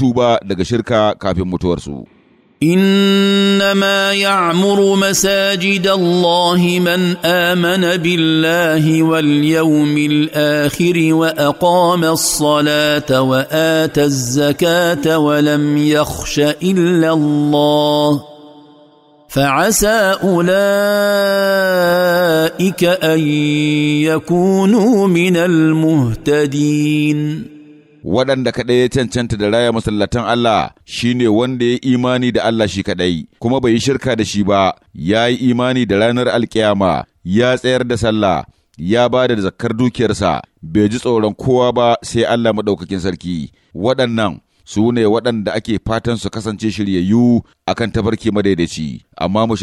tuba daga shirka kafin mutuwarsu. إنما يعمر مساجد الله من آمن بالله واليوم الآخر وأقام الصلاة وآتى الزكاة ولم يخش إلا الله فعسى أولئك أن يكونوا من المهتدين waɗanda kaɗai ya cancanta da raya masallatan Allah shi ne wanda ya imani da Allah shi kaɗai kuma bai yi shirka da shi ba ya yi imani da ranar alkiyama ya tsayar da sallah ya ba da zakkar dukiyarsa bai ji tsoron kowa ba sai Allah maɗaukakin sarki waɗannan su ne waɗanda ake fatan su kasance shiryayyu akan tabarki madaidaici amma mu